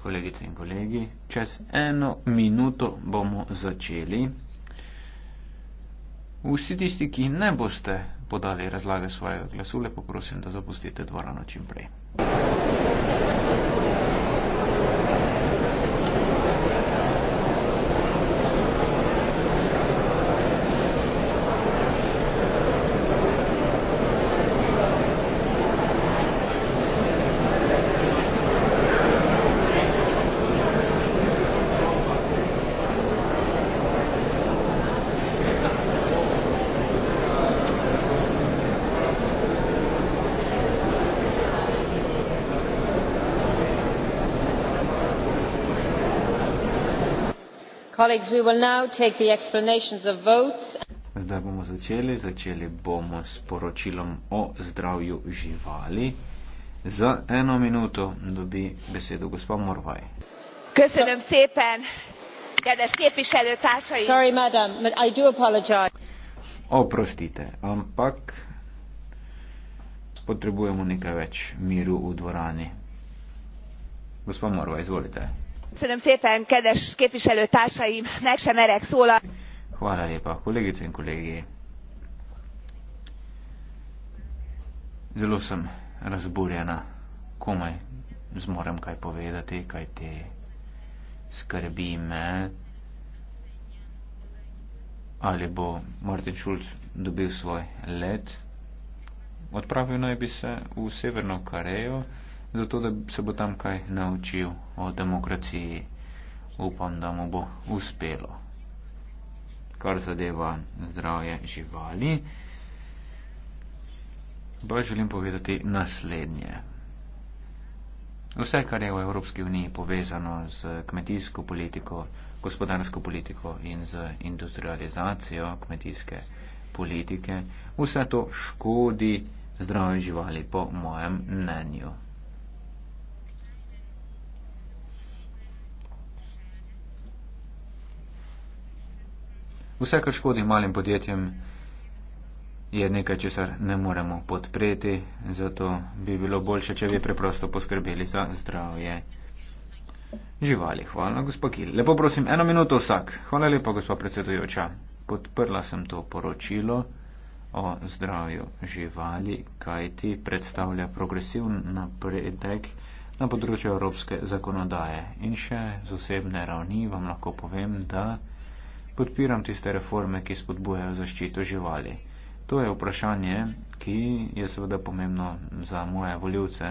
Kolegice in kolegi, čez eno minuto bomo začeli. Vsi tisti, ki ne boste podali razlage svojega glasu, lepo prosim, da zapustite dvorano čim prej. Thank you. Zdaj bomo začeli. Začeli bomo s poročilom o zdravju živali. Za eno minuto dobi besedo gospa Morvaj. Köszönöm szépen, kedves képviselőtársai! Sorry, madam, but I do apologize. Oprostite, ampak potrebujemo nekaj več miru u dvorani. Gospa Morva, izvolite kedves képviselőtársaim meg sem merek szólalni. Zelo sem razburjena, komaj zmorem kaj povedati, kaj te skrbi me. Ali bo Martin Schulz dobil svoj let? Odpravil naj bi se v Severno Korejo zato da se bo tam kaj naučil o demokraciji. Upam, da mu bo uspelo. Kar zadeva zdravje živali, pa želim povedati naslednje. Vse, kar je v Evropski uniji povezano z kmetijsko politiko, gospodarsko politiko in z industrializacijo kmetijske politike, vse to škodi zdravju živali, po mojem mnenju. Vse, kar škodi malim podjetjem, je nekaj, česar ne moremo podpreti, zato bi bilo boljše, če bi preprosto poskrbeli za zdravje živali. Hvala, gospod Kil. Lepo prosim, eno minuto vsak. Hvala lepa, gospod predsedujoča. Podprla sem to poročilo o zdravju živali, kajti predstavlja progresivn napredek na področju evropske zakonodaje. In še z osebne ravni vam lahko povem, da podpiram tiste reforme, ki spodbujajo zaščito živali. To je vprašanje, ki je seveda pomembno za moje voljivce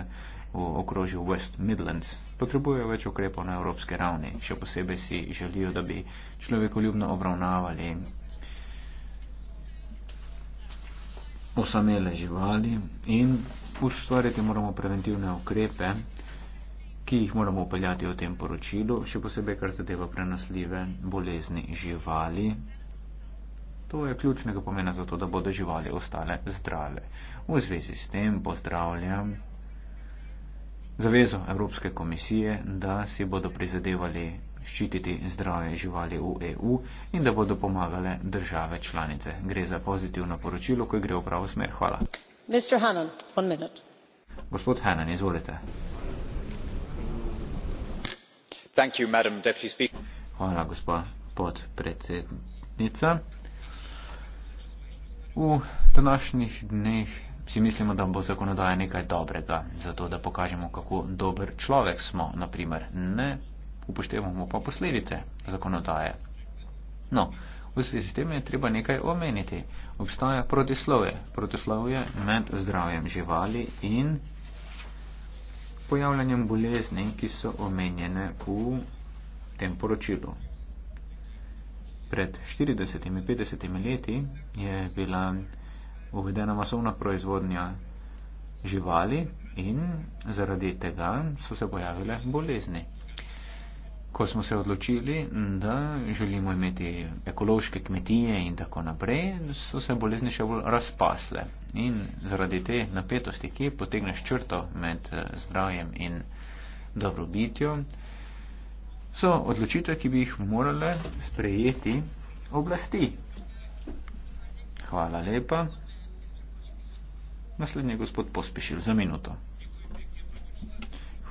v okrožju West Midlands. Potrebujejo več ukrepov na evropski ravni, še posebej si želijo, da bi človekoljubno obravnavali osamele živali in ustvariti moramo preventivne ukrepe, ki jih moramo upeljati v tem poročilu, še posebej kar zadeva prenosljive bolezni živali. To je ključnega pomena za to, da bodo živali ostale zdrave. V zvezi s tem pozdravljam zavezo Evropske komisije, da si bodo prizadevali ščititi zdrave živali v EU in da bodo pomagale države članice. Gre za pozitivno poročilo, ki gre v pravo smer. Hvala. Gospod Hannan, izvolite. Hvala, gospa podpredsednica. V današnjih dneh si mislimo, da bo zakonodaja nekaj dobrega, zato da pokažemo, kako dober človek smo, naprimer. Ne upoštevamo pa posledice zakonodaje. No, v svezi s tem je treba nekaj omeniti. Obstaja protislove. Protislove med zdravjem živali in pojavljanjem bolezni, ki so omenjene v tem poročilu. Pred 40-50 leti je bila uvedena masovna proizvodnja živali in zaradi tega so se pojavile bolezni ko smo se odločili, da želimo imeti ekološke kmetije in tako naprej, so se bolezni še bolj razpasle. In zaradi te napetosti, ki potegneš črto med eh, zdravjem in dobrobitjo, so odločitve, ki bi jih morale sprejeti oblasti. Hvala lepa. Naslednji je gospod Pospešil za minuto.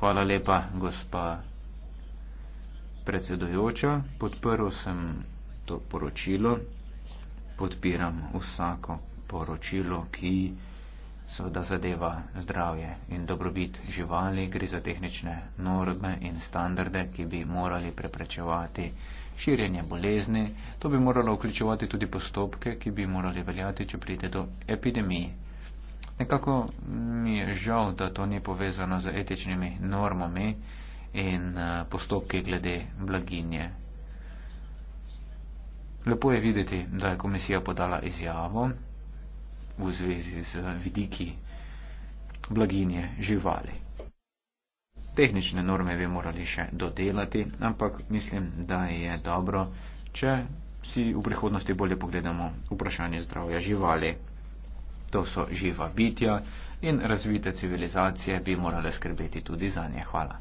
Hvala lepa, gospa predsedojoča, podprl sem to poročilo, podpiram vsako poročilo, ki seveda zadeva zdravje in dobrobit živali, gre za tehnične norme in standarde, ki bi morali preprečevati širjenje bolezni. To bi moralo vključevati tudi postopke, ki bi morali veljati, če pride do epidemiji. Nekako mi je žal, da to ni povezano z etičnimi normami in eh, postopke glede blaginje. Lepo je videti, da je komisija podala izjavo v zvezi z vidiki blaginje živali. Tehnične norme bi morali še dodelati, ampak mislim, da je dobro, če si v prihodnosti bolje pogledamo vprašanje zdravja živali. To so živa bitja in razvite civilizacije bi morale skrbeti tudi za nje. Hvala.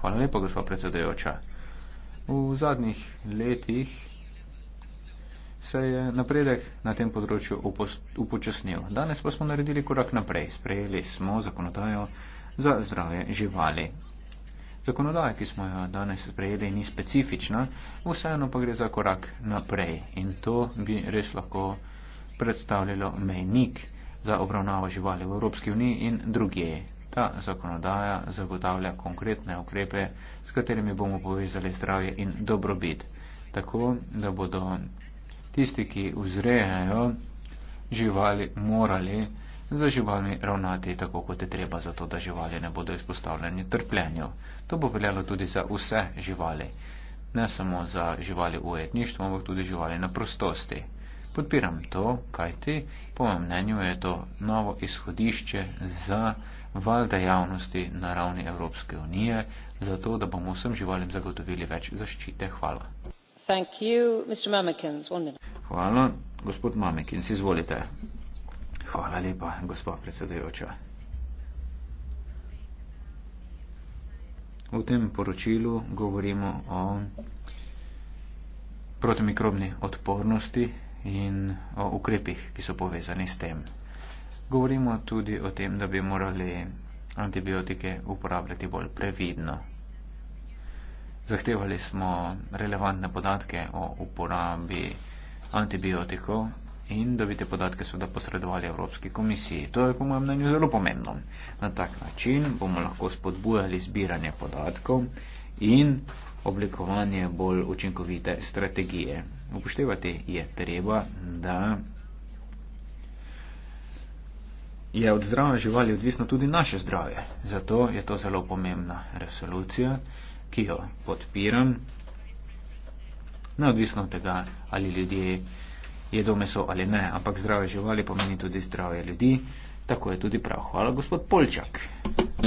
Hvala lepa, gospod predsedajoča. V zadnjih letih se je napredek na tem področju upočasnil. Danes pa smo naredili korak naprej. Sprejeli smo zakonodajo za zdravje živali. Zakonodaja, ki smo jo danes sprejeli, ni specifična, vseeno pa gre za korak naprej. In to bi res lahko predstavljalo mejnik za obravnavo živali v Evropski uniji in druge. Ta zakonodaja zagotavlja konkretne ukrepe, s katerimi bomo povezali zdravje in dobrobit, tako da bodo tisti, ki vzrejajo živali, morali za živalmi ravnati tako, kot je treba, zato da živali ne bodo izpostavljeni trpljenju. To bo veljalo tudi za vse živali, ne samo za živali v etništvu, ampak tudi živali na prostosti. Podpiram to, kajti po mojem mnenju je to novo izhodišče za val dejavnosti na ravni Evropske unije, zato da bomo vsem živalim zagotovili več zaščite. Hvala. You, Hvala, gospod Mamekins, izvolite. Hvala lepa, gospod predsedujoča. V tem poročilu govorimo o protimikrobni odpornosti in o ukrepih, ki so povezani s tem. Govorimo tudi o tem, da bi morali antibiotike uporabljati bolj previdno. Zahtevali smo relevantne podatke o uporabi antibiotikov in da bi te podatke seveda posredovali Evropski komisiji. To je po mojem mnenju zelo pomembno. Na tak način bomo lahko spodbujali zbiranje podatkov in oblikovanje bolj učinkovite strategije upoštevati je treba, da je od zdravja živali odvisno tudi naše zdravje. Zato je to zelo pomembna resolucija, ki jo podpiram, neodvisno od tega, ali ljudje jedo meso ali ne, ampak zdravje živali pomeni tudi zdravje ljudi, tako je tudi prav. Hvala, gospod Polčak.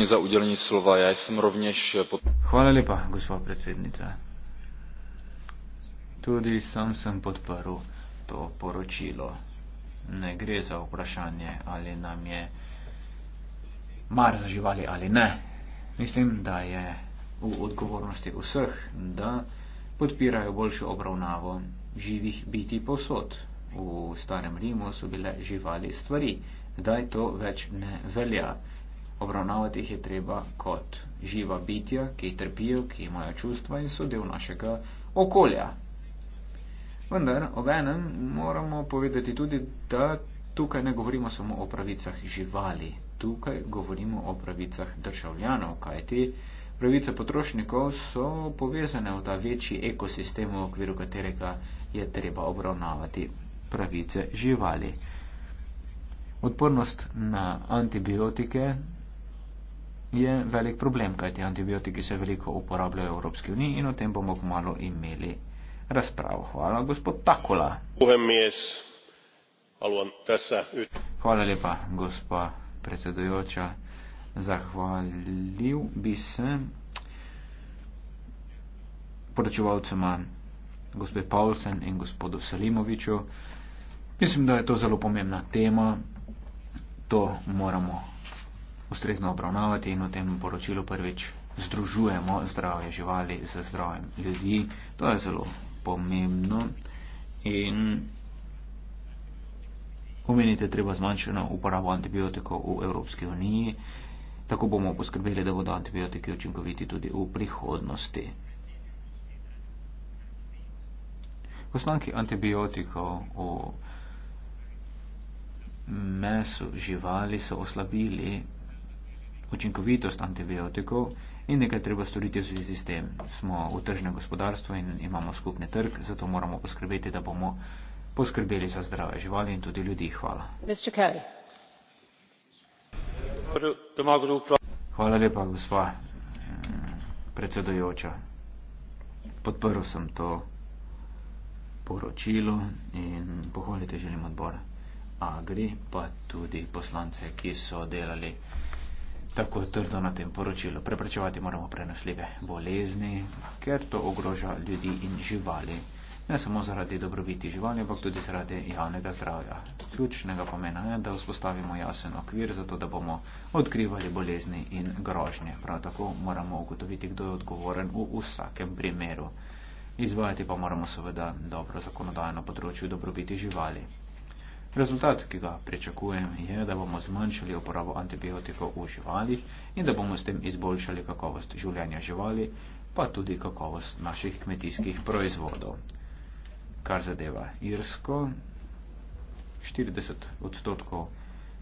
Za udeljenje slova, ja, jaz sem rovnež. Eh, pod... Hvala lepa, gospod predsednica. Tudi sam sem podprl to poročilo. Ne gre za vprašanje, ali nam je mar za živali ali ne. Mislim, da je v odgovornosti vseh, da podpirajo boljšo obravnavo živih biti posod. V starem Rimu so bile živali stvari, zdaj to več ne velja. Obravnavati jih je treba kot živa bitja, ki trpijo, ki imajo čustva in so del našega okolja. Vendar, obenem moramo povedati tudi, da tukaj ne govorimo samo o pravicah živali, tukaj govorimo o pravicah državljanov, kajti pravice potrošnikov so povezane v ta večji ekosistem, v okviru katerega je treba obravnavati pravice živali. Odpornost na antibiotike je velik problem, kajti antibiotiki se veliko uporabljajo v Evropski uniji in o tem bomo kmalo imeli razpravo. Hvala, gospod Takola. Hvala lepa, gospa predsedujoča. Zahvalil bi se poročevalcema gospe Paulsen in gospodu Salimoviču. Mislim, da je to zelo pomembna tema. To moramo ustrezno obravnavati in v tem poročilu prvič združujemo zdravje živali z zdravjem ljudi. To je zelo pomembno in omenite treba zmanjšano uporabo antibiotikov v Evropski uniji. Tako bomo poskrbeli, da bodo antibiotiki učinkoviti tudi v prihodnosti. Poslanki antibiotikov v mesu živali so oslabili učinkovitost antibiotikov in nekaj treba storiti v zvezi s tem. Smo v tržnem gospodarstvu in imamo skupni trg, zato moramo poskrbeti, da bomo poskrbeli za zdrave živali in tudi ljudi. Hvala. Hvala lepa, gospa eh, predsedujoča. Podprl sem to poročilo in pohvaliti želim odbor Agri, pa tudi poslance, ki so delali tako trdo na tem poročilu. Preprečevati moramo prenosljive bolezni, ker to ogroža ljudi in živali. Ne samo zaradi dobrobiti živali, ampak tudi zaradi javnega zdravja. Ključnega pomena je, da vzpostavimo jasen okvir, zato da bomo odkrivali bolezni in grožnje. Prav tako moramo ugotoviti, kdo je odgovoren v vsakem primeru. Izvajati pa moramo seveda dobro zakonodajno področje dobrobiti živali. Rezultat, ki ga pričakujem, je, da bomo zmanjšali uporabo antibiotikov v živalih in da bomo s tem izboljšali kakovost življenja živali, pa tudi kakovost naših kmetijskih proizvodov. Kar zadeva Irsko, 40 odstotkov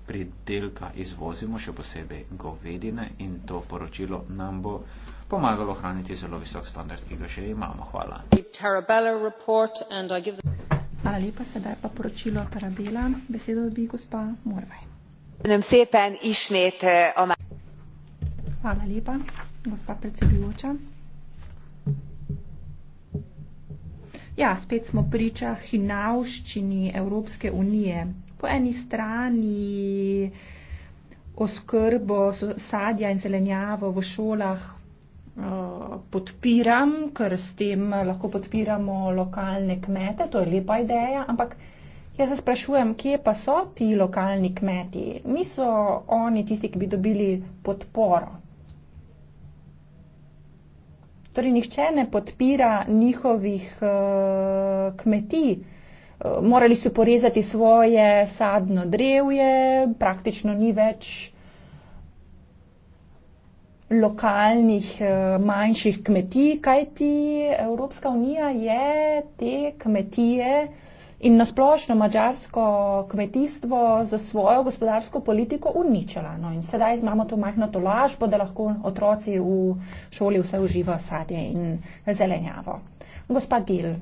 pridelka izvozimo, še posebej govedine in to poročilo nam bo pomagalo ohraniti zelo visok standard, ki ga že imamo. Hvala. The Hvala lepa, sedaj pa poročilo Parabela. Besedo dobi gospa Morvaj. Eh, Hvala lepa, gospa predsedujoča. Ja, spet smo priča hinavščini Evropske unije. Po eni strani oskrbo sadja in zelenjavo v šolah Eh, podpiram, ker s tem lahko podpiramo lokalne kmete, to je lepa ideja, ampak jaz se sprašujem, kje pa so ti lokalni kmeti? Niso oni tisti, ki bi dobili podporo. Torej, nihče ne podpira njihovih uh, kmetij. Eh, morali so porezati svoje sadno drevje, praktično ni več lokalnih eh, manjših kmetij, kajti Evropska unija je te kmetije in nasplošno mađarsko kmetijstvo za svojo gospodarsko politiko uničila. No in sedaj imamo to majhno tolaž, da lahko otroci v šoli vse uživa sadje in zelenjavo. Gospa Gil.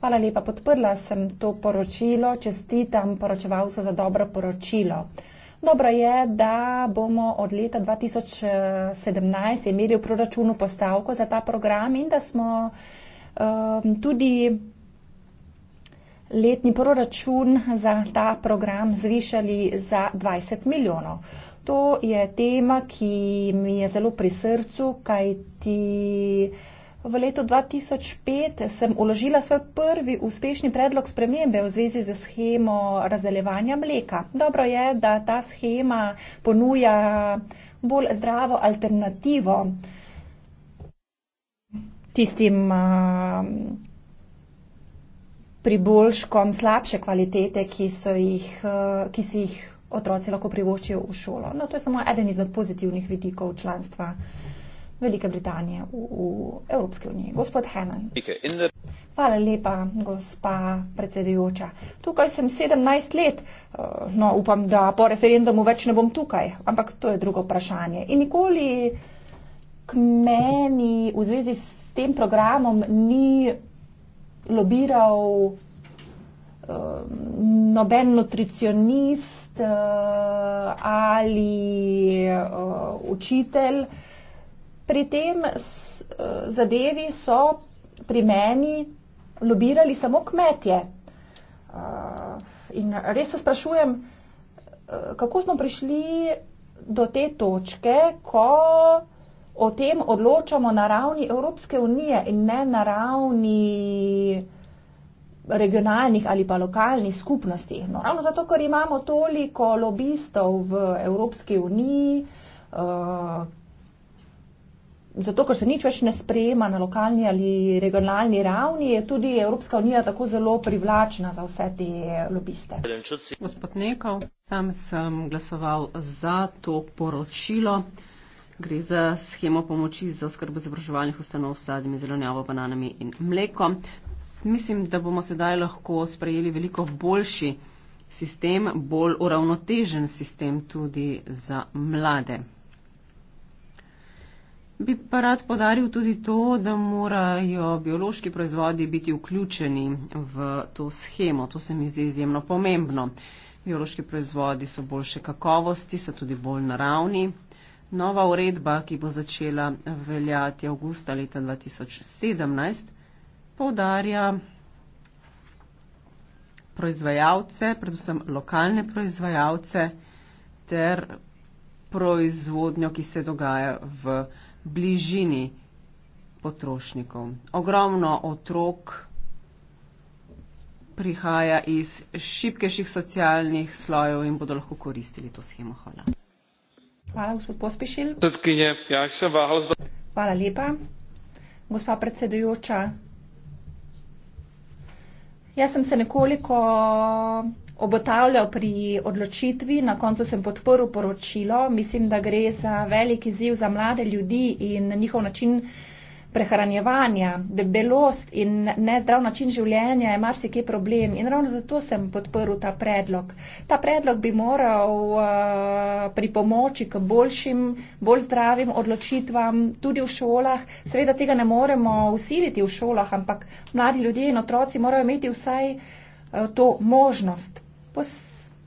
Hvala lepa, podprla sem to poročilo, čestitam poročevalcu za dobro poročilo. Uh, Dobro je, da bomo od leta 2017 imeli v proračunu postavko za ta program in da smo um, tudi letni proračun za ta program zvišali za 20 milijonov. To je tema, ki mi je zelo pri srcu, kajti. V letu 2005 sem uložila svoj prvi uspešni predlog spremembe v zvezi z schemo razdeljevanja mleka. Dobro je, da ta schema ponuja bolj zdravo alternativo tistim um, priboljškom slabše kvalitete, ki, jih, uh, ki si jih otroci lahko privoščijo v šolo. No, to je samo eden izmed pozitivnih vidikov članstva. Velike Britanije v, v Evropski uniji. Gospod Henan. Hvala lepa, gospa predsedujoča. Tukaj sem 17 let, eh, no upam, da po referendumu več ne bom tukaj, ampak to je drugo vprašanje. In nikoli k meni v zvezi s tem programom ni lobiral eh, noben nutricionist eh, ali učitelj, Pri tem eh, zadevi so pri meni lobirali samo kmetje. Eh, in res se sprašujem, eh, kako smo prišli do te točke, ko o tem odločamo na ravni Evropske unije in ne na ravni regionalnih ali pa lokalnih skupnosti. No, ravno zato, ker imamo toliko lobistov v Evropski uniji, zato, ker se nič več ne sprejema na lokalni ali regionalni ravni, je tudi Evropska unija tako zelo privlačna za vse te lobiste. Gospod Nekov, sam sem glasoval za to poročilo. Gre za schemo pomoči za oskrbo izobraževalnih ustanov s sadmi, zelenjavo, bananami in mlekom. Mislim, da bomo sedaj lahko sprejeli veliko boljši sistem, bolj uravnotežen sistem tudi za mlade. Bi pa rad podaril tudi to, da morajo biološki proizvodi biti vključeni v to schemo. To se mi zdi izjemno pomembno. Biološki proizvodi so boljše kakovosti, so tudi bolj naravni. Nova uredba, ki bo začela veljati avgusta leta 2017, poudarja proizvajalce, predvsem lokalne proizvajalce, ter proizvodnjo, ki se dogaja v bližini potrošnikov. Ogromno otrok prihaja iz šibkejših socialnih slojev in bodo lahko koristili to schemo. Hvala. Hvala, gospod Pospišil. Ja, Hvala lepa, gospa predsedujoča. Jaz sem se nekoliko obotavljal pri odločitvi, na koncu sem podporil poročilo. Mislim, da gre za veliki ziv za mlade ljudi in njihov način prehranjevanja, debelost in nezdrav način življenja je marsikaj problem. In ravno zato sem podporil ta predlog. Ta predlog bi moral uh, pripomoči k boljšim, bolj zdravim odločitvam tudi v šolah. Seveda tega ne moremo usiliti v šolah, ampak mladi ljudje in otroci morajo imeti vsaj uh, to možnost.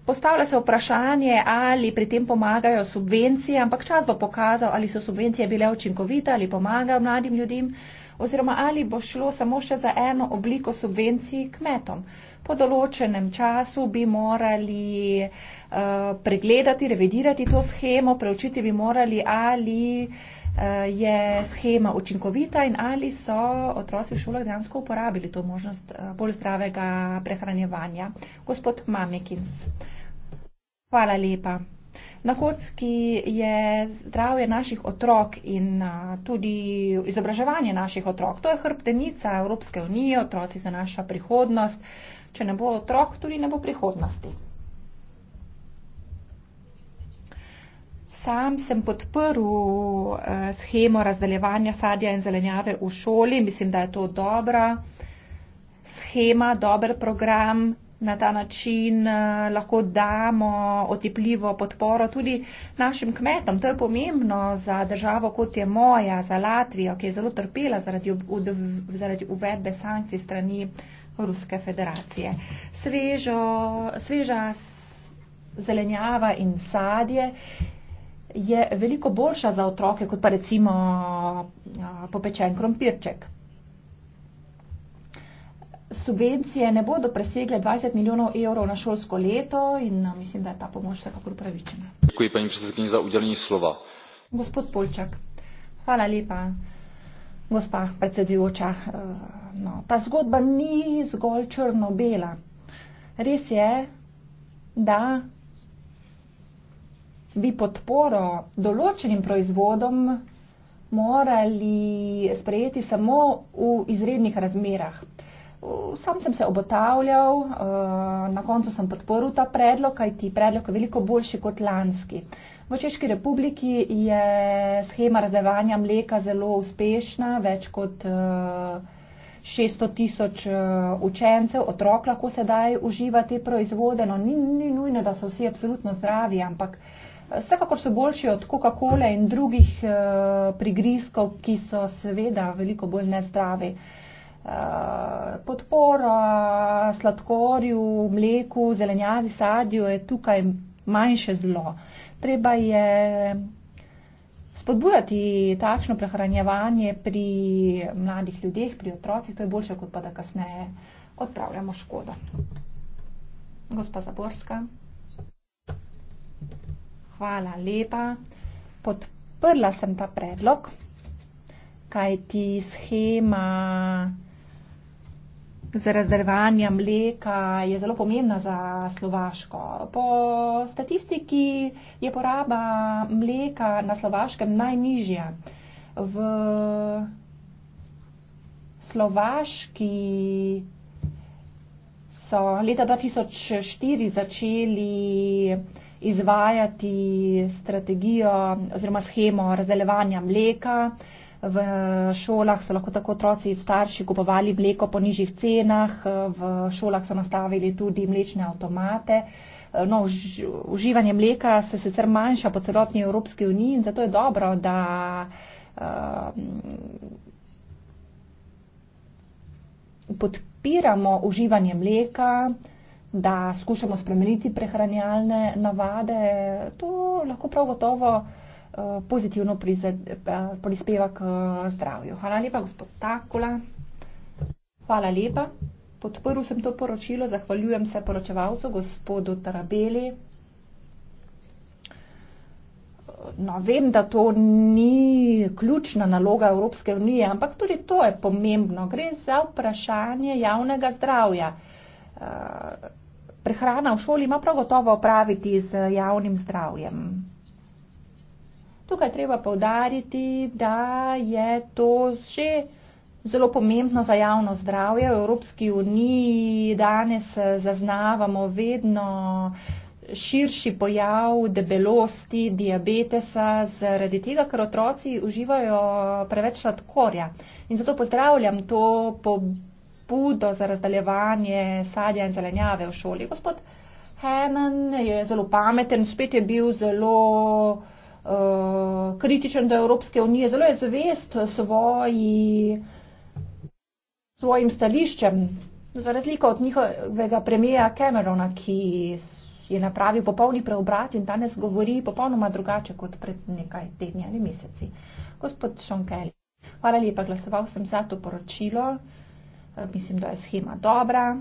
Postavlja se vprašanje, ali pri tem pomagajo subvencije, ampak čas bo pokazal, ali so subvencije bile učinkovite, ali pomagajo mladim ljudem, oziroma ali bo šlo samo še za eno obliko subvencij kmetom. Po določenem času bi morali uh, pregledati, revidirati to schemo, preučiti bi morali, ali uh, Eh, je schema učinkovita in ali so otroci v šolah dejansko uporabili to možnost eh, bolj zdravega prehranjevanja. Gospod Mamikins. Hvala lepa. Na kocki je zdravje naših otrok in eh, tudi izobraževanje naših otrok. To je hrbtenica Evropske unije, otroci so naša prihodnost. Če ne bo otrok, tudi ne bo prihodnosti. sam sem podprl eh, schemo razdeljevanja sadja in zelenjave v šoli. Mislim, da je to dobra schema, dober program. Na ta način eh, lahko damo otepljivo podporo tudi našim kmetom. To je pomembno za državo, kot je moja, za Latvijo, ki je zelo trpela zaradi, zaradi uvedbe sankcij strani Ruske federacije. Svežo, sveža zelenjava in sadje je veliko boljša za otroke, kot pa recimo popečen krompirček. Subvencije ne bodo presegle 20 milijonov evrov na šolsko leto in mislim, da je ta pomoč vsekako upravičena. Dziękuję pani predsednik za udeljenje slova. Gospod Polčak, hvala lepa. Gospa predsedujoča, e, no, ta zgodba ni zgolj črno-bela. Res je, da bi podporo določenim proizvodom morali sprejeti samo v izrednih razmerah. Sam sem se obotavljal, eh, na koncu sem podporil ta predlog, kajti predlog je veliko boljši kot lanski. V Češki republiki je schema razdevanja mleka zelo uspešna, več kot 600 eh, tisoč eh, učencev, otrok lahko sedaj uživa te proizvode, no ni, ni nujno, da so vsi absolutno zdravi, ampak uh, Vsekakor so boljši od Coca-Cola in drugih eh, prigrizkov, ki so seveda veliko bolj nezdravi. Eh, podpora sladkorju, mleku, zelenjavi, sadju je tukaj manjše zlo. Treba je spodbujati takšno prehranjevanje pri mladih ljudeh, pri otrocih, to je boljše, kot pa da kasneje odpravljamo škodo. Gospa Zaborska hvala lepa. Podprla sem ta predlog, kaj ti schema z razdrvanja mleka je zelo pomembna za Slovaško. Po statistiki je poraba mleka na Slovaškem najnižja. V Slovaški so leta 2004 začeli izvajati strategijo oziroma schemo razdeljevanja mleka. V šolah so lahko tako otroci in starši kupovali mleko po nižjih cenah, v šolah so nastavili tudi mlečne avtomate. No, uživanje mleka se sicer manjša po celotni Evropski uniji in zato je dobro, da uh, podpiramo uživanje mleka uh, da skušamo spremeniti prehranjalne navade, to lahko prav gotovo eh, pozitivno eh, prispeva k eh, zdravju. Hvala lepa, gospod Takula. Hvala lepa. Podprl sem to poročilo, zahvaljujem se poročevalcu, gospodu Tarabeli. No, vem, da to ni ključna naloga Evropske unije, ampak tudi to je pomembno. Gre za vprašanje javnega zdravja prehrana v šoli ima prav gotovo opraviti z javnim zdravjem. Tukaj treba povdariti, da je to še zelo pomembno za javno zdravje. V Evropski uniji danes zaznavamo vedno širši pojav debelosti, diabetesa, zaradi tega, ker otroci uživajo preveč sladkorja. In zato pozdravljam to pobudo spodbudo za razdaljevanje sadja in zelenjave v šoli. Gospod Hennan je zelo pameten, spet je bil zelo uh, kritičen do Evropske unije, zelo je zavest svoji, svojim stališčem, no, za razliko od njihovega premijeja Camerona, ki je napravil popolni preobrat in danes govori popolnoma drugače kot pred nekaj tedni ali meseci. Gospod Šonkeli. Hvala lepa, glasoval sem za to poročilo. Eh, mislim, da je schema dobra.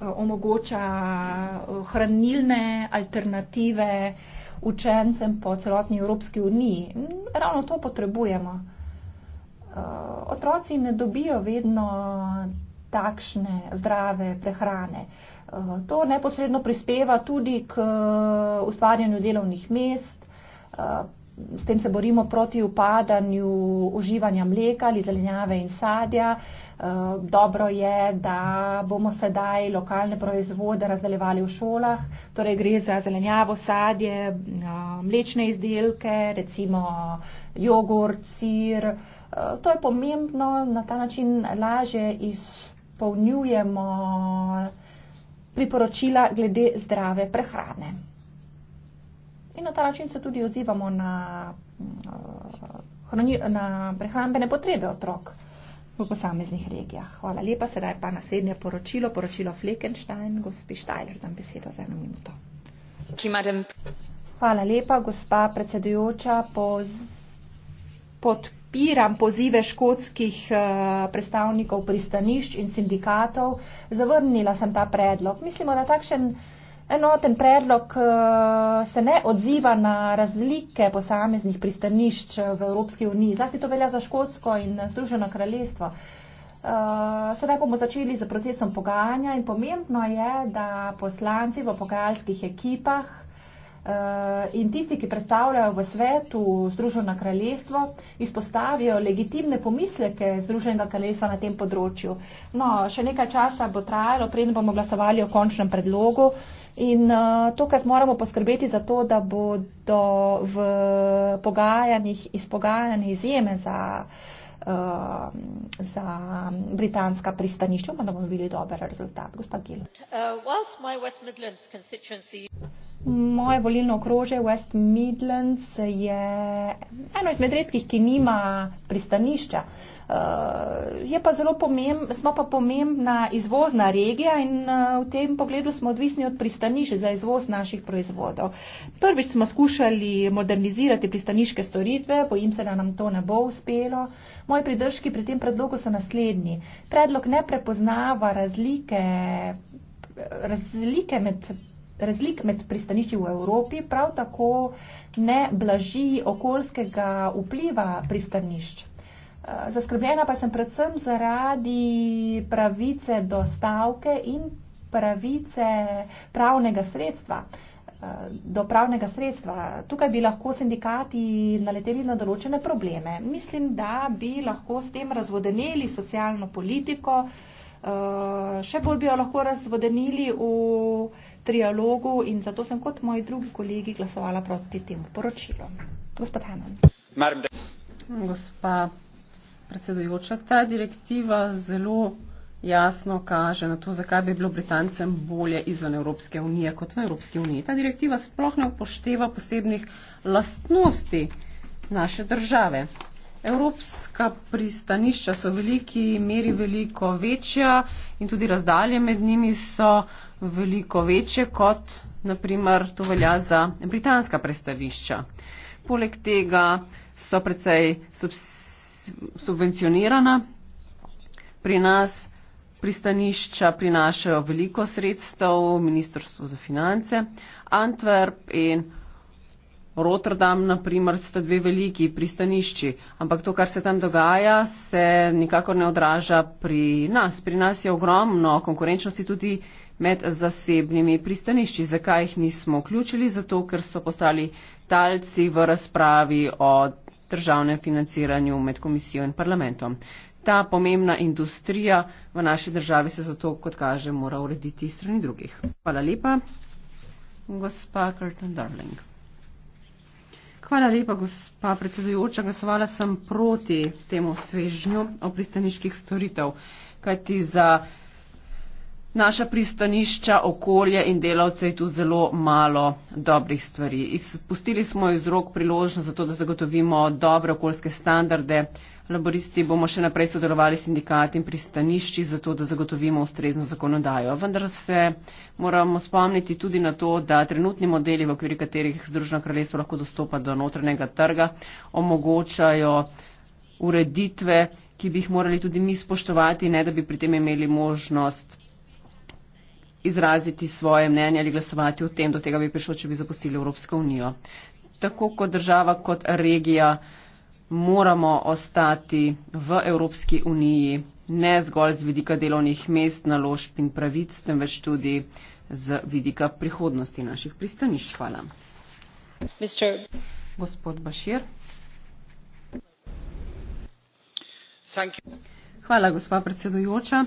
Eh, omogoča eh, hranilne alternative učencem po celotni Evropski uniji. Mm, ravno to potrebujemo. Otroci ne dobijo vedno takšne zdrave prehrane. To neposredno prispeva tudi k ustvarjanju delovnih mest, s tem se borimo proti upadanju uživanja mleka ali zelenjave in sadja. Eh, dobro je, da bomo sedaj lokalne proizvode razdeljevali v šolah, torej gre za zelenjavo, sadje, eh, mlečne izdelke, recimo jogurt, sir. Eh, to je pomembno, na ta način lažje izpolnjujemo priporočila glede zdrave prehrane. In na ta način se tudi odzivamo na, hm, eh, na prehrambene potrebe otrok v posameznih regijah. Hvala lepa, sedaj pa naslednje poročilo, poročilo Fleckenstein, gospi Štajler, dam besedo za eno minuto. Hvala lepa, gospa predsedujoča, podpiram pozive škotskih eh, predstavnikov pristanišč in sindikatov. Zavrnila sem ta predlog. Mislimo, da takšen. Enoten predlog eh, se ne odziva na razlike posameznih pristanišč v Evropski uniji. Zlasti to velja za Škotsko in Združeno kraljestvo. Eh, sedaj bomo začeli z procesom pogajanja in pomembno je, da poslanci v pogajalskih ekipah eh, in tisti, ki predstavljajo v svetu Združeno kraljestvo, izpostavijo legitimne pomisleke Združenega kraljestva na tem področju. No, še nekaj časa bo trajalo, preden bomo glasovali o končnem predlogu. In uh, tukaj moramo poskrbeti za to, da bodo v pogajanjih izpogajane izjeme za, uh, za britanska pristanišča, pa da bomo imeli dober rezultat. Gospod Gil. Uh, Moje volilno okrožje West Midlands je eno izmed redkih, ki nima pristanišča. Uh, Uh, je pa zelo pomembna, smo pa pomembna izvozna regija in uh, v tem pogledu smo odvisni od pristaniš za izvoz naših proizvodov. Prvič smo skušali modernizirati pristaniške storitve, bojim se, da nam to ne bo uspelo. Moji pridržki pri tem predlogu so naslednji. Predlog ne prepoznava razlike, razlike med, razlik med pristanišči v Evropi, prav tako ne blaži okoljskega vpliva pristanišča. Eh, zaskrbljena pa sem predvsem zaradi pravice do stavke in pravice pravnega sredstva. Eh, do pravnega sredstva. Tukaj bi lahko sindikati naleteli na določene probleme. Mislim, da bi lahko s tem razvodenili socialno politiko, eh, še bolj bi jo lahko razvodenili v trialogu in zato sem kot moji drugi kolegi glasovala proti temu poročilu. Gospod Hanan. Gospa predsedujoča, ta direktiva zelo jasno kaže na to, zakaj bi bilo Britancem bolje izven Evropske unije kot v Evropski uniji. Ta direktiva sploh ne upošteva posebnih lastnosti naše države. Evropska pristanišča so v veliki meri veliko večja in tudi razdalje med njimi so veliko večje kot naprimer to velja za britanska pristanišča. Poleg tega so precej subsidijalne subvencionirana. Pri nas pristanišča prinašajo veliko sredstev, Ministrstvo za finance, Antwerp in Rotterdam, naprimer, sta dve veliki pristanišči, ampak to, kar se tam dogaja, se nikakor ne odraža pri nas. Pri nas je ogromno konkurenčnosti tudi med zasebnimi pristanišči. Zakaj jih nismo vključili? Zato, ker so postali talci v razpravi od državnem financiranju med komisijo in parlamentom. Ta pomembna industrija v naši državi se zato, kot kaže, mora urediti strani drugih. Hvala lepa, gospa Curtin Darling. Hvala lepa, gospa predsedujoča. Glasovala sem proti temu svežnju o pristaniških storitev, kajti za naša pristanišča, okolje in delavce je tu zelo malo dobrih stvari. Izpustili smo iz rok priložnost za to, da zagotovimo dobre okoljske standarde. Laboristi bomo še naprej sodelovali s sindikati in pristanišči za to, da zagotovimo ustrezno zakonodajo. Vendar se moramo spomniti tudi na to, da trenutni modeli, v okviru katerih Združeno kraljestvo lahko dostopa do notranjega trga, omogočajo ureditve, ki bi jih morali tudi mi spoštovati, ne da bi pri tem imeli možnost izraziti svoje mnenje ali glasovati o tem, do tega bi prišlo, če bi zapustili Evropsko unijo. Tako kot država, kot regija moramo ostati v Evropski uniji, ne zgolj z vidika delovnih mest, naložb in pravic, temveč tudi z vidika prihodnosti naših pristanišč. Hvala. Mr. Gospod Bašir. Hvala, gospa predsedujoča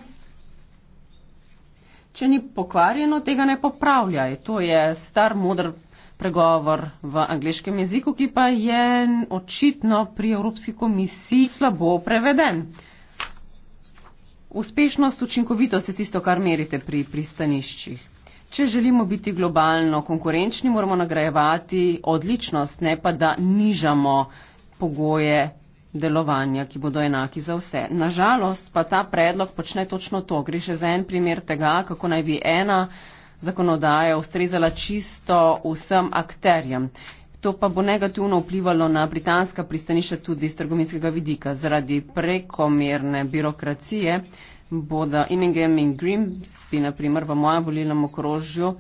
če ni pokvarjeno, tega ne popravljaj. To je star modr pregovor v angliškem jeziku, ki pa je očitno pri Evropski komisiji slabo preveden. Uspešnost, učinkovitost je tisto, kar merite pri pristaniščih. Če želimo biti globalno konkurenčni, moramo nagrajevati odličnost, ne pa da nižamo pogoje delovanja, ki bodo enaki za vse. Nažalost pa ta predlog počne točno to. Gre še za en primer tega, kako naj bi ena zakonodaja ustrezala čisto vsem akterjem. To pa bo negativno vplivalo na britanska pristanišča tudi iz trgovinskega vidika. Zaradi prekomerne birokracije bodo Immingham in Grimsby, naprimer v mojem volilnem okrožju,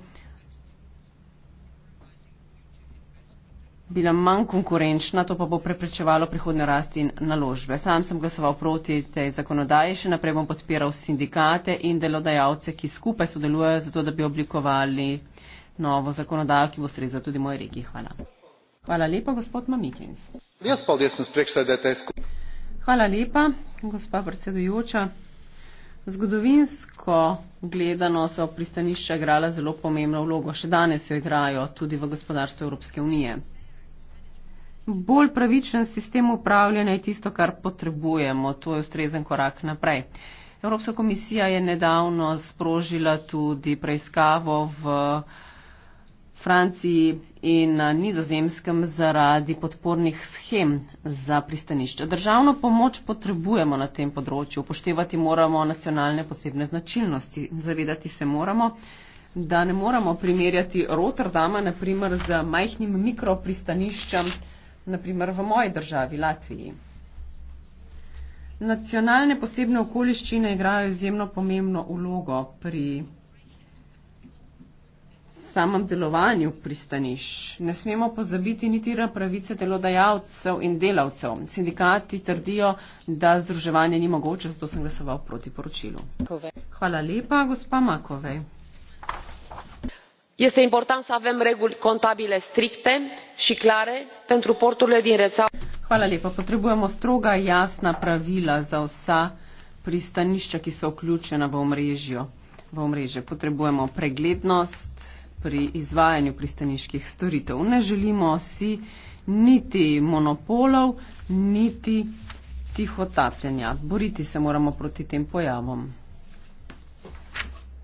bila manj konkurenčna, to pa bo preprečevalo prihodnjo rast in naložbe. Sam sem glasoval proti tej zakonodaji, še naprej bom podpiral sindikate in delodajalce, ki skupaj sodelujejo za to, da bi oblikovali novo zakonodajo, ki bo streza tudi moj regiji. Hvala. Hvala lepa, gospod Mamikins. Jaz pa odjesno sprekšal, da je ta skupaj. Hvala lepa, gospa predsedujoča. Zgodovinsko gledano so pristanišča igrala zelo pomembno vlogo, še danes jo igrajo tudi v gospodarstvu Evropske unije bolj pravičen sistem upravljanja je tisto, kar potrebujemo. To je ustrezen korak naprej. Evropska komisija je nedavno sprožila tudi preiskavo v Franciji in na nizozemskem zaradi podpornih schem za pristanišče. Državno pomoč potrebujemo na tem področju. Upoštevati moramo nacionalne posebne značilnosti. Zavedati se moramo, da ne moramo primerjati Rotterdama, naprimer, z majhnim mikropristaniščem naprimer v moji državi, Latviji. Nacionalne posebne okoliščine igrajo izjemno pomembno ulogo pri samem delovanju pristaniš. Ne smemo pozabiti niti na pravice delodajalcev in delavcev. Sindikati trdijo, da združevanje ni mogoče, zato sem glasoval proti poročilu. Hvala lepa, gospa Makovej este important să avem reguli contabile stricte și clare pentru porturile din rețeaua. potrebujemo stroga jasna pravila za vsa pristanišča ki so vključena v omrežje v omrežje potrebujemo preglednost pri izvajanju pristaniških storitev ne želimo si niti monopolov niti tihotapljenja boriti se moramo proti tem pojavom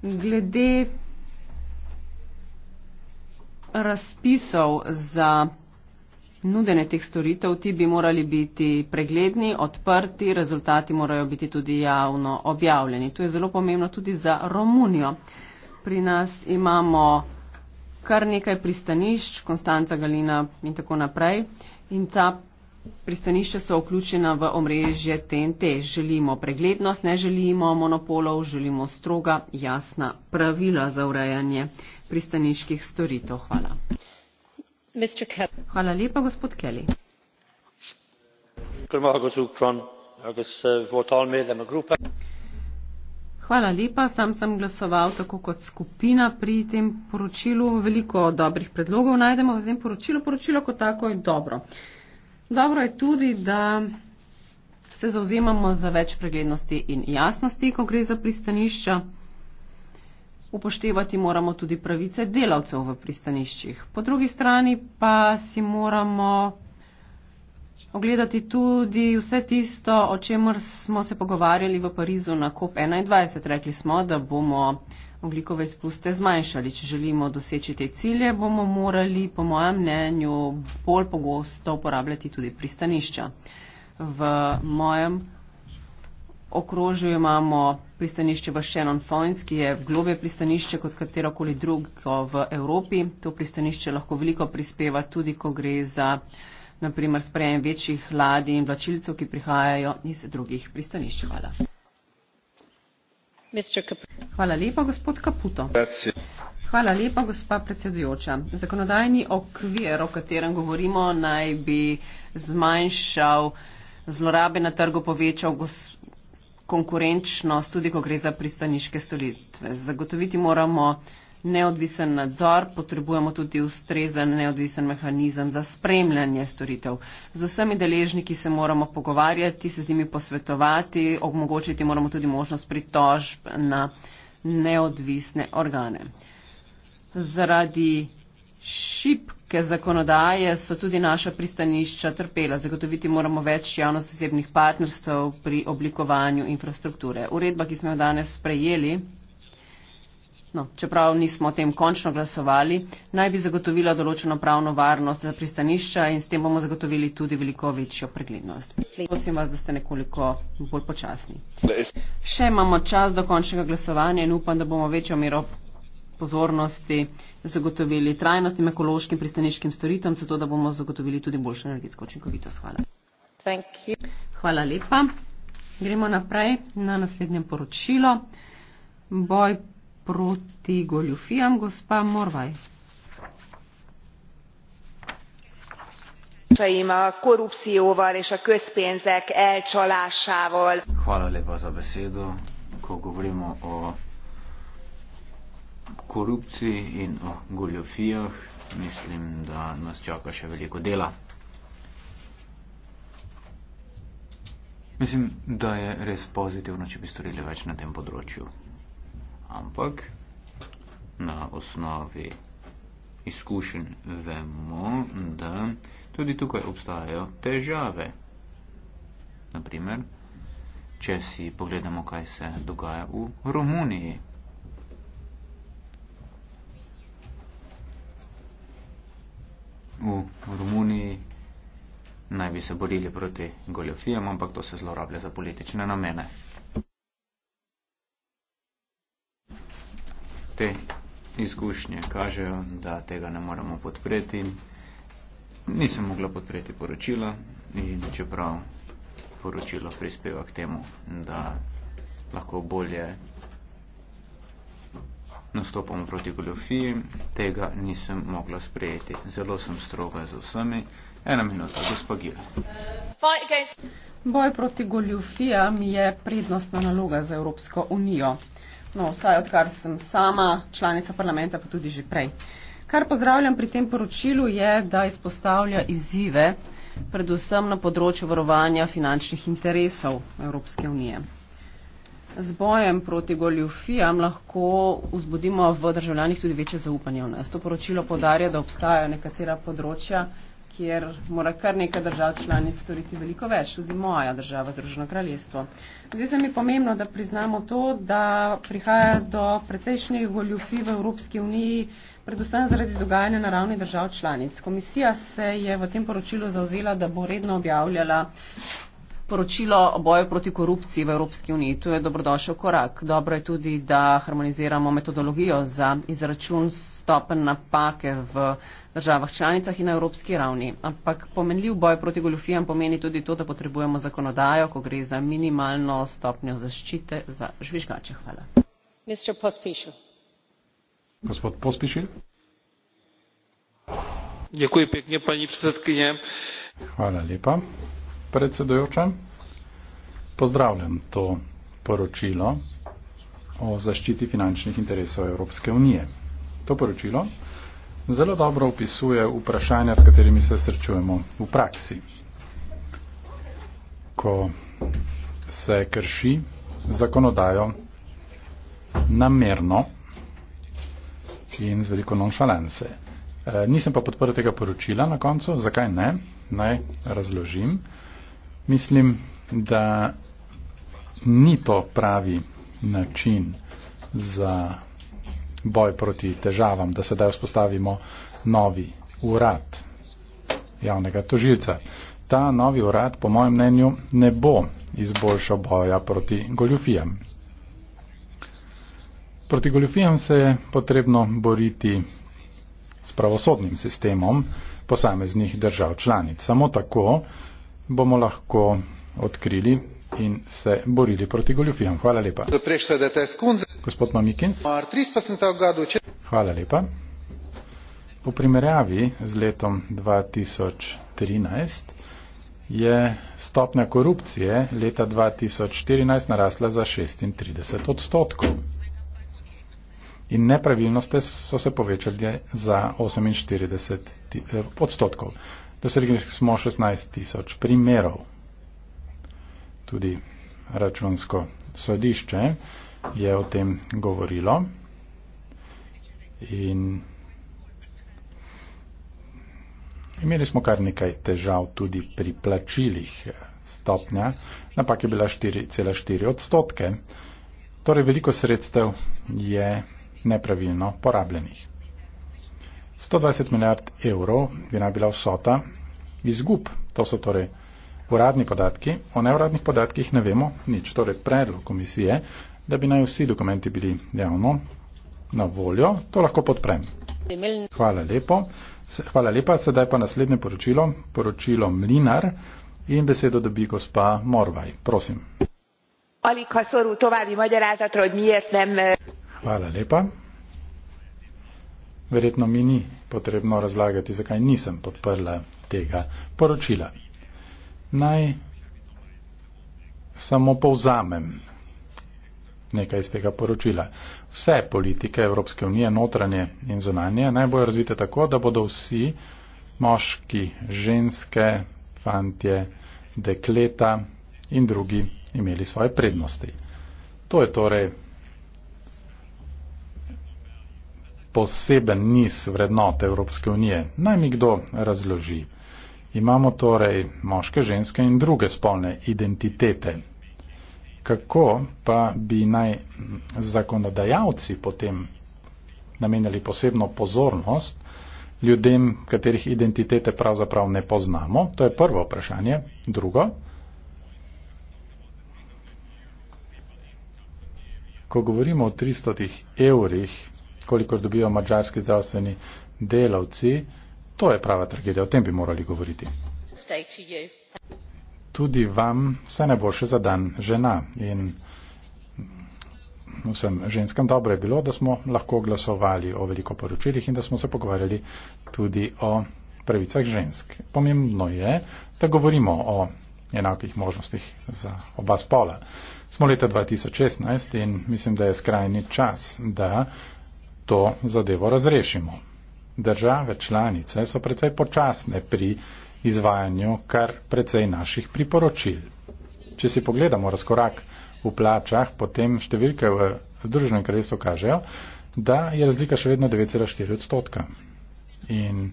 glede razpisov za nudene teh storitev, ti bi morali biti pregledni, odprti, rezultati morajo biti tudi javno objavljeni. To je zelo pomembno tudi za Romunijo. Pri nas imamo kar nekaj pristanišč, Konstanca Galina in tako naprej. In ta pristanišča so vključena v omrežje TNT. Želimo preglednost, ne želimo monopolov, želimo stroga, jasna pravila za urejanje pristaniških storitev. Hvala. Hvala lepa, gospod Kelly. Hvala lepa, sam sem glasoval tako kot skupina pri tem poročilu. Veliko dobrih predlogov najdemo v tem poročilu. Poročilo kot tako je dobro. Dobro je tudi, da se zauzemamo za več preglednosti in jasnosti, ko gre za pristanišča upoštevati moramo tudi pravice delavcev v pristaniščih. Po drugi strani pa si moramo ogledati tudi vse tisto, o čemer smo se pogovarjali v Parizu na COP21. Rekli smo, da bomo oglikove izpuste zmanjšali. Če želimo doseči te cilje, bomo morali, po mojem mnenju, bolj pogosto uporabljati tudi pristanišča. V mojem okrožju imamo pristanišče v Šenonfons, ki je globje pristanišče kot katerokoli drugo v Evropi. To pristanišče lahko veliko prispeva tudi, ko gre za naprimer sprejem večjih ladi in vlačilcev, ki prihajajo iz drugih pristanišč. Hvala. Hvala lepa, gospod Kaputo. Hvala lepa, gospa predsedujoča. Zakonodajni okvir, o katerem govorimo, naj bi zmanjšal zlorabe na trgu, povečal gospod konkurenčnost, tudi ko gre za pristaniške storitve. Zagotoviti moramo neodvisen nadzor, potrebujemo tudi ustrezen neodvisen mehanizem za spremljanje storitev. Z vsemi deležniki se moramo pogovarjati, se z njimi posvetovati, omogočiti moramo tudi možnost pritožb na neodvisne organe. Zaradi šipk evropske zakonodaje so tudi naša pristanišča trpela. Zagotoviti moramo več javno-sosebnih partnerstv pri oblikovanju infrastrukture. Uredba, ki smo jo danes sprejeli, no, čeprav nismo o tem končno glasovali, naj bi zagotovila določeno pravno varnost za pristanišča in s tem bomo zagotovili tudi veliko večjo preglednost. Prosim vas, da ste nekoliko bolj počasni. Še imamo čas do končnega glasovanja in upam, da bomo večjo mero pozornosti zagotovili trajnostnim ekološkim pristaniškim storitvam, zato da bomo zagotovili tudi boljšo energetsko učinkovitost. Hvala. Hvala lepa. Gremo naprej na naslednje poročilo. Boj proti goljufijam, gospa Morvaj. A korupcióval és a közpénzek elcsalásával. Hvala lepa za besedo. Ko govorimo o korupciji in o goljofijah, mislim, da nas čaka še veliko dela. Mislim, da je res pozitivno, če bi storili več na tem področju. Ampak na osnovi izkušenj vemo, da tudi tukaj obstajajo težave. Naprimer, če si pogledamo, kaj se dogaja v Romuniji. v Romuniji naj bi se borili proti goljofijam, ampak to se zlorablja za politične namene. Te izkušnje kažejo, da tega ne moremo podpreti. Nisem mogla podpreti poročila in čeprav poročilo prispeva k temu, da lahko bolje nastopom proti goljofiji, tega nisem mogla sprejeti. Zelo sem stroga za vsemi. Ena minuta, gospod Gil. Boj proti goljofijam je prednostna naloga za Evropsko unijo. No, vsaj odkar sem sama članica parlamenta, pa tudi že prej. Kar pozdravljam pri tem poročilu je, da izpostavlja izzive predvsem na področju varovanja finančnih interesov Evropske unije z bojem proti goljufijam lahko vzbudimo v državljanih tudi večje zaupanje v nas. To poročilo podarja, da obstajajo nekatera področja, kjer mora kar nekaj držav članic storiti veliko več, tudi moja država, Združeno kraljestvo. Zdaj se mi pomembno, da priznamo to, da prihaja do precejšnjih goljufij v Evropski uniji, predvsem zaradi dogajanja na ravni držav članic. Komisija se je v tem poročilu zauzela, da bo redno objavljala poročilo o boju proti korupciji v Evropski uniji. Tu je dobrodošel korak. Dobro je tudi, da harmoniziramo metodologijo za izračun stopen napake v državah članicah in na evropski ravni. Ampak pomenljiv boj proti goljufijam pomeni tudi to, da potrebujemo zakonodajo, ko gre za minimalno stopnjo zaščite za žvižgače. Hvala. Gospod Pospišil. Děkuji pěkně, paní předsedkyně. Hvala lepa predsedujoča. Pozdravljam to poročilo o zaščiti finančnih interesov Evropske unije. To poročilo zelo dobro opisuje vprašanja, s katerimi se srečujemo v praksi. Ko se krši zakonodajo namerno in z veliko nonšalance. E, nisem pa podprl tega poročila na koncu, zakaj ne, naj razložim. Mislim, da ni to pravi način za boj proti težavam, da sedaj vzpostavimo novi urad javnega tožilca. Ta novi urad, po mojem mnenju, ne bo izboljšal boja proti goljufijam. Proti goljufijam se je potrebno boriti s pravosodnim sistemom posameznih držav članic. Samo tako bomo lahko odkrili in se borili proti goljufijam. Hvala lepa. Gospod Mamikins. Hvala lepa. V primerjavi z letom 2013 je stopnja korupcije leta 2014 narasla za 36 odstotkov. In nepravilnosti so se povečali za 48 odstotkov dosegli smo 16 tisoč primerov. Tudi računsko sodišče je o tem govorilo in imeli smo kar nekaj težav tudi pri plačilih eh, stopnja, napak je bila 4,4 odstotke, torej veliko sredstev je nepravilno porabljenih. 120 milijard evrov bi naj bila vsota izgub. To so torej uradni podatki. O neuradnih podatkih ne vemo nič. Torej predlog komisije, da bi naj vsi dokumenti bili javno na voljo, to lahko podprem. Hvala lepo. Hvala lepa. Sedaj pa naslednje poročilo. Poročilo Mlinar in besedo dobi gospa Morvaj. Prosim. Eh? Hvala lepa verjetno mi ni potrebno razlagati, zakaj nisem podprla tega poročila. Naj samo povzamem nekaj iz tega poročila. Vse politike Evropske unije, notranje in zunanje, naj bojo razvite tako, da bodo vsi moški, ženske, fantje, dekleta in drugi imeli svoje prednosti. To je torej poseben niz vrednot Evropske unije. Naj mi kdo razloži. Imamo torej moške, ženske in druge spolne identitete. Kako pa bi naj zakonodajalci potem namenjali posebno pozornost ljudem, katerih identitete pravzaprav ne poznamo? To je prvo vprašanje. Drugo. Ko govorimo o 300 evrih, kolikor dobijo mađarski zdravstveni delavci. To je prava tragedija, o tem bi morali govoriti. Tudi vam vse najboljše za dan žena in vsem ženskam dobro je bilo, da smo lahko glasovali o veliko poročilih in da smo se pogovarjali tudi o pravicah žensk. Pomembno je, da govorimo o enakih možnostih za oba spola. Smo leta 2016 in mislim, da je skrajni čas, da to zadevo razrešimo. Države članice so precej počasne pri izvajanju kar precej naših priporočil. Če si pogledamo razkorak v plačah, potem številke v Združenem kraljestvu kažejo, da je razlika še vedno 9,4 odstotka. In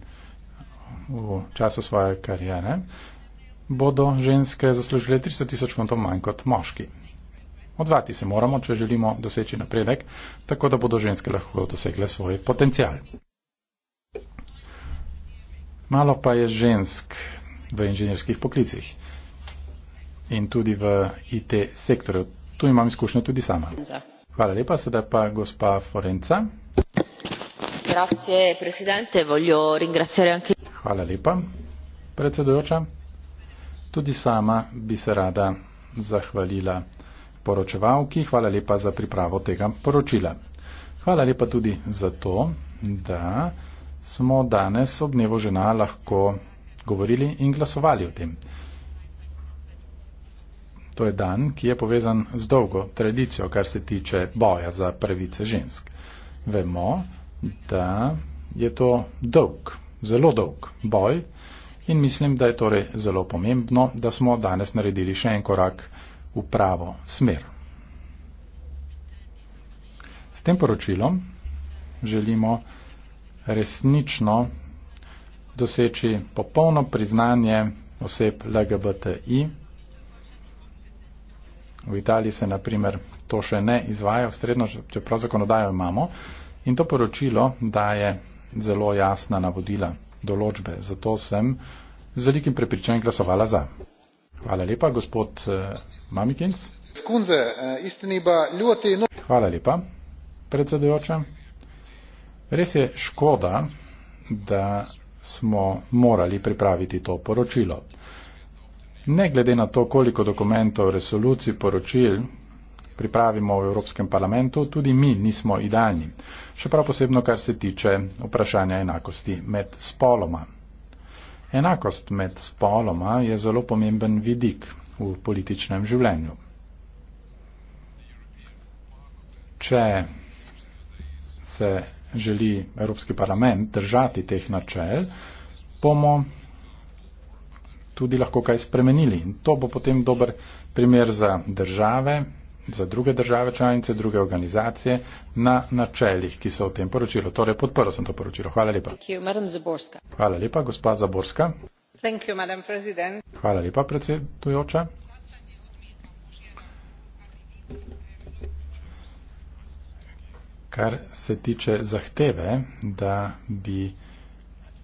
v času svoje karijere bodo ženske zaslužile 300 tisoč funtov manj kot moški. Odvati se moramo, če želimo doseči napredek, tako da bodo ženske lahko dosegle svoj potencial. Malo pa je žensk v inženirskih poklicih in tudi v IT sektorju. Tu imam izkušnje tudi sama. Hvala lepa, sedaj pa gospa Forenca. Hvala lepa, predsedujoča. Tudi sama bi se rada zahvalila poročevalki. Hvala lepa za pripravo tega poročila. Hvala lepa tudi za to, da smo danes ob dnevu žena lahko govorili in glasovali o tem. To je dan, ki je povezan z dolgo tradicijo, kar se tiče boja za pravice žensk. Vemo, da je to dolg, zelo dolg boj in mislim, da je torej zelo pomembno, da smo danes naredili še en korak v pravo smer. S tem poročilom želimo resnično doseči popolno priznanje oseb LGBTI. V Italiji se naprimer to še ne izvaja, ustredno, čeprav zakonodajo imamo. In to poročilo daje zelo jasna navodila določbe. Zato sem z velikim prepričanjem glasovala za. Hvala lepa, gospod uh, Mamikins. Skunze, uh, eh, istini pa ljuti. No... Hvala lepa, predsedujoča. Res je škoda, da smo morali pripraviti to poročilo. Ne glede na to, koliko dokumentov, resolucij, poročil pripravimo v Evropskem parlamentu, tudi mi nismo idealni. Še prav posebno, kar se tiče vprašanja enakosti med spoloma. Enakost med spoloma je zelo pomemben vidik v političnem življenju. Če se želi Evropski parlament držati teh načel, bomo tudi lahko kaj spremenili. In to bo potem dober primer za države, za druge države članice, druge organizacije na načeljih, ki so v tem poročilu. Torej, podprl sem to poročilo. Hvala lepa. Hvala lepa, gospa Zaborska. Hvala lepa, predsedujoča. Kar se tiče zahteve, da bi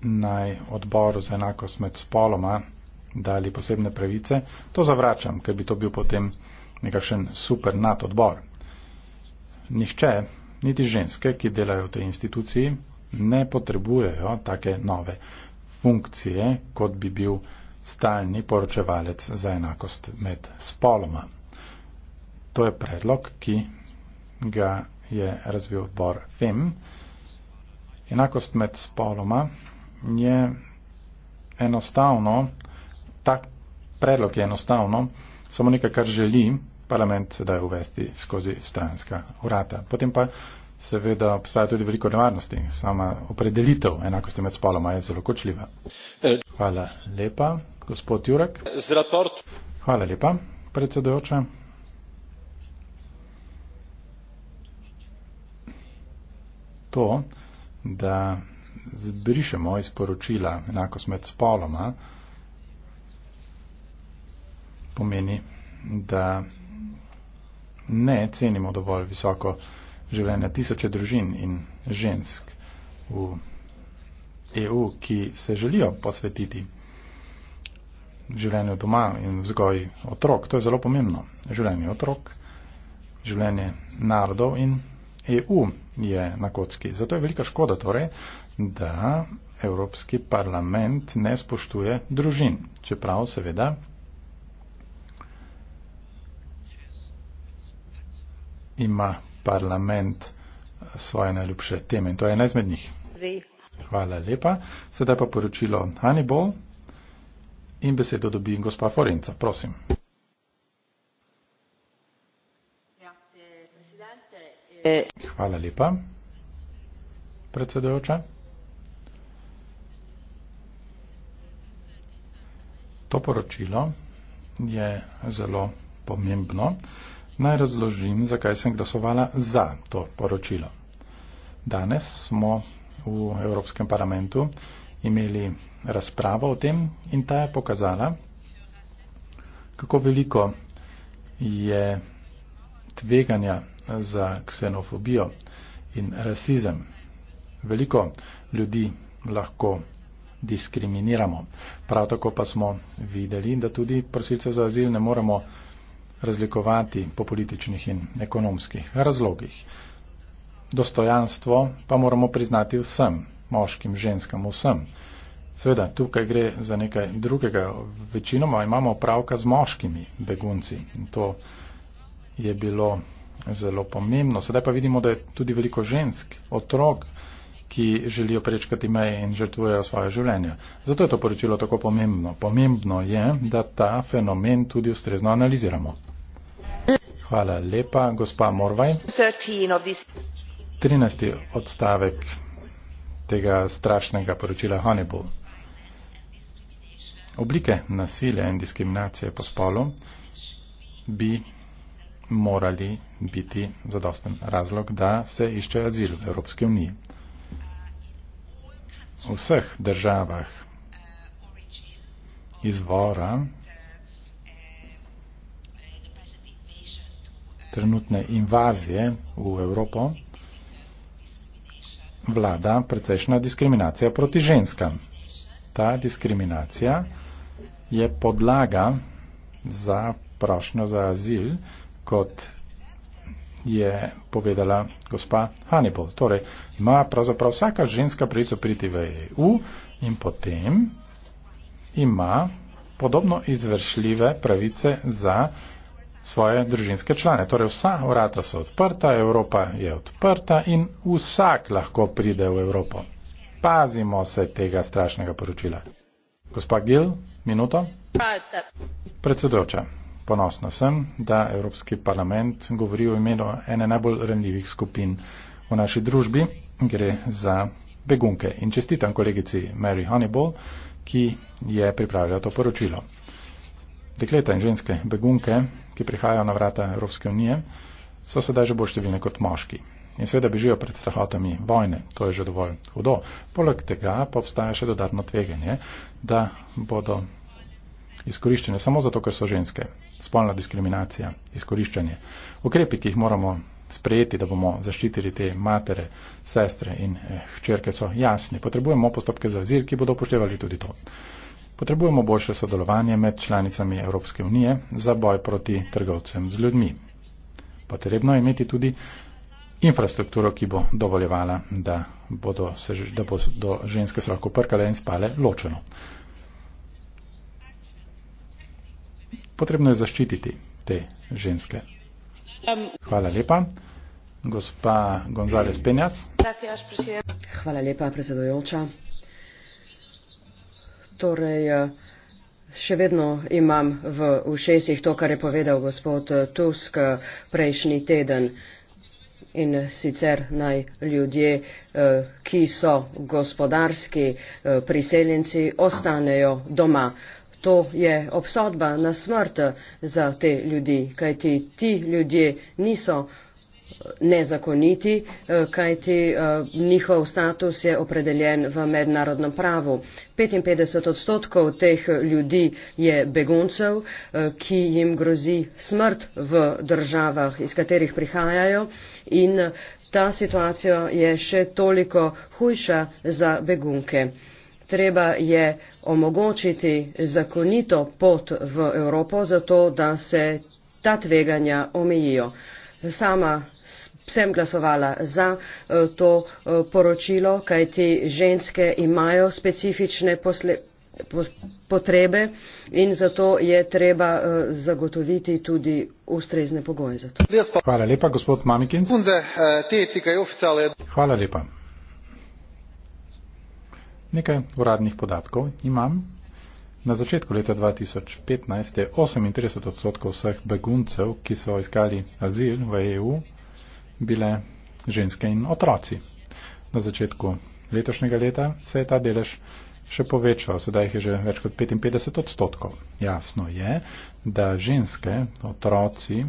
naj odboru za enakost med spoloma dali posebne pravice, to zavračam, ker bi to bil potem nekakšen super nadodbor. Nihče, niti ženske, ki delajo v tej instituciji, ne potrebujejo take nove funkcije, kot bi bil stalni poročevalec za enakost med spoloma. To je predlog, ki ga je razvil odbor FEM. Enakost med spoloma je enostavno, tak predlog je enostavno, samo nekaj, kar želi parlament sedaj uvesti skozi stranska vrata. Potem pa seveda obstaja tudi veliko nevarnosti. Sama opredelitev enakosti med spoloma je zelo kočljiva. Hvala lepa, gospod Jurek. Hvala lepa, predsedojoča. To, da zbrišemo izporočila enakost med spoloma, pomeni, da ne cenimo dovolj visoko življenja tisoče družin in žensk v EU, ki se želijo posvetiti življenju doma in vzgoji otrok. To je zelo pomembno. Življenje otrok, življenje narodov in EU je na kocki. Zato je velika škoda torej, da Evropski parlament ne spoštuje družin, čeprav seveda ima parlament svoje najljubše teme in to je ena izmed njih. Zdaj. Hvala lepa. Sedaj pa poročilo Hannibal in besedo dobi gospa Forenca. Prosim. Hvala lepa, predsedojoča. To poročilo je zelo pomembno. Naj razložim, zakaj sem glasovala za to poročilo. Danes smo v Evropskem parlamentu imeli razpravo o tem in ta je pokazala, kako veliko je tveganja za ksenofobijo in rasizem. Veliko ljudi lahko diskriminiramo. Prav tako pa smo videli, da tudi prosilce za azil ne moremo razlikovati po političnih in ekonomskih razlogih. Dostojanstvo pa moramo priznati vsem, moškim, ženskam, vsem. Seveda, tukaj gre za nekaj drugega. Večinoma imamo opravka z moškimi begunci in to je bilo zelo pomembno. Sedaj pa vidimo, da je tudi veliko žensk, otrok, ki želijo prečkati meje in žrtvujejo svoje življenje. Zato je to poročilo tako pomembno. Pomembno je, da ta fenomen tudi ustrezno analiziramo. Hvala lepa, gospa Morvaj. 13. odstavek tega strašnega poročila Honeybull. Oblike nasilja in diskriminacije po spolu bi morali biti zadosten razlog, da se išče azil v Evropski uniji vseh državah izvora trenutne invazije v Evropo vlada precejšna diskriminacija proti ženskam. Ta diskriminacija je podlaga za prošnjo za azil kot je povedala gospa Hannibal. Torej, ima pravzaprav vsaka ženska pravico priti v EU in potem ima podobno izvršljive pravice za svoje družinske člane. Torej, vsa vrata so odprta, Evropa je odprta in vsak lahko pride v Evropo. Pazimo se tega strašnega poročila. Gospa Gil, minuto. Predsedujoča. Ponosna sem, da Evropski parlament govori v imenu ene najbolj ranljivih skupin v naši družbi, gre za begunke. In čestitam kolegici Mary Honeyball, ki je pripravila to poročilo. Dekleta in ženske begunke, ki prihajajo na vrata Evropske unije, so sedaj že bolj številne kot moški. In seveda bežijo pred strahotami vojne, to je že dovolj hudo. Poleg tega pa obstaja še dodatno tveganje, da bodo izkoriščene samo zato, ker so ženske spolna diskriminacija, izkoriščanje. Okrepi, ki jih moramo sprejeti, da bomo zaščitili te matere, sestre in eh, hčerke, so jasni. Potrebujemo postopke za azil, ki bodo upoštevali tudi to. Potrebujemo boljše sodelovanje med članicami Evropske unije za boj proti trgovcem z ljudmi. Potrebno je imeti tudi infrastrukturo, ki bo dovoljevala, da bodo, se, da bodo ženske se lahko prkale in spale ločeno. potrebno je zaščititi te ženske. Hvala lepa. Gospa Gonzales Penjas. Hvala lepa, predsedujoča. Torej, še vedno imam v ušesih to, kar je povedal gospod Tusk prejšnji teden. In sicer naj ljudje, eh, ki so gospodarski eh, priseljenci, ostanejo doma. To je obsodba na smrt za te ljudi, kajti ti ljudje niso eh, nezakoniti, eh, kajti eh, njihov status je opredeljen v mednarodnem pravu. 55 odstotkov teh ljudi je beguncev, ki jim grozi smrt v državah, iz katerih prihajajo in ta situacija je še toliko hujša za begunke treba je omogočiti zakonito pot v Evropo, zato da se ta tveganja omejijo. Sama sem glasovala za eh, to eh, poročilo, kajti ženske imajo specifične posle potrebe in zato je treba uh, zagotoviti tudi ustrezne pogoje za to. Hvala lepa, gospod Mamikin. Hvala lepa. Nekaj uradnih podatkov imam. Na začetku leta 2015 je 38 odstotkov vseh beguncev, ki so iskali azil v EU, bile ženske in otroci. Na začetku letošnjega leta se je ta delež še povečal, sedaj jih je že več kot 55 odstotkov. Jasno je, da ženske, otroci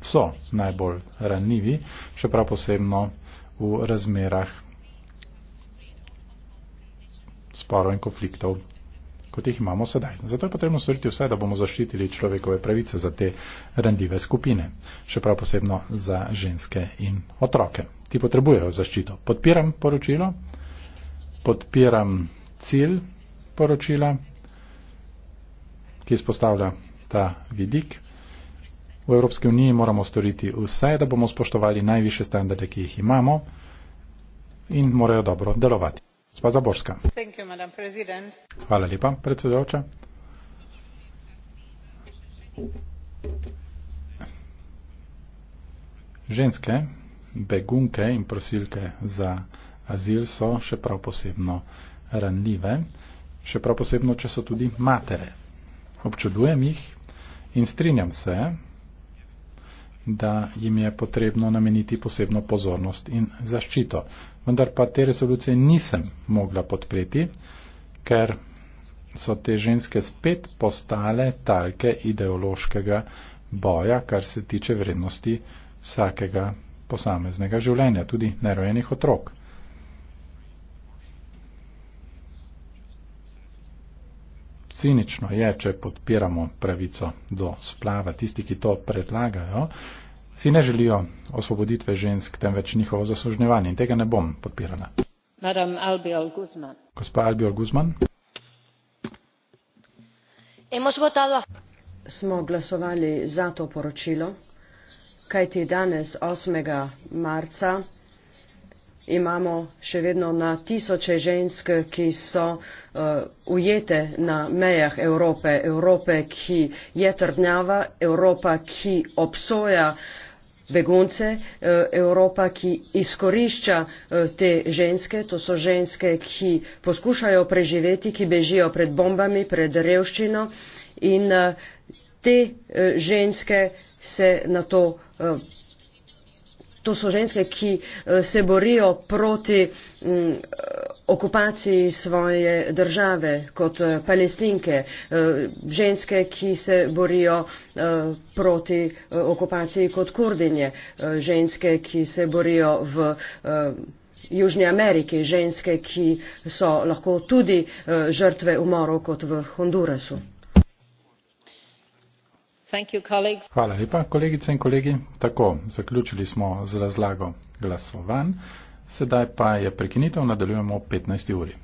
so najbolj ranljivi, še prav posebno v razmerah sporov in konfliktov, kot jih imamo sedaj. Zato je potrebno storiti vse, da bomo zaščitili človekove pravice za te randive skupine, še prav posebno za ženske in otroke. Ti potrebujejo zaščito. Podpiram poročilo, podpiram cilj poročila, ki izpostavlja ta vidik. V Evropski uniji moramo storiti vse, da bomo spoštovali najviše standarde, ki jih imamo in morajo dobro delovati gospa Zaborska. Hvala lepa, predsedujoča. Ženske, begunke in prosilke za azil so še prav posebno ranljive, še prav posebno, če so tudi matere. Občudujem jih in strinjam se, da jim je potrebno nameniti posebno pozornost in zaščito. Vendar pa te rezolucije nisem mogla podpreti, ker so te ženske spet postale talke ideološkega boja, kar se tiče vrednosti vsakega posameznega življenja, tudi nerojenih otrok. cinično je, če podpiramo pravico do splava. Tisti, ki to predlagajo, si ne želijo osvoboditve žensk, temveč njihovo zasluženjevanje in tega ne bom podpirala. Gospa Albiol Guzman. Smo glasovali za to poročilo, kajti danes, 8. marca, imamo še vedno na tisoče žensk, ki so uh, ujete na mejah Evrope, Evrope, ki je trdnjava, Evropa, ki obsoja begunce, eh, Evropa, ki izkorišča eh, te ženske, to so ženske, ki poskušajo preživeti, ki bežijo pred bombami, pred revščino in te ženske se na to To so ženske, ki eh, se borijo proti mm, okupaciji svoje države kot eh, palestinke, eh, ženske, ki se borijo proti okupaciji kot kurdinje, ženske, ki se borijo v Južni Ameriki, ženske, ki so lahko tudi žrtve umorov kot v Hondurasu. Hvala lepa, kolegice in kolegi. Tako, zaključili smo z razlago glasovanj, sedaj pa je prekinitev, nadaljujemo ob 15. uri.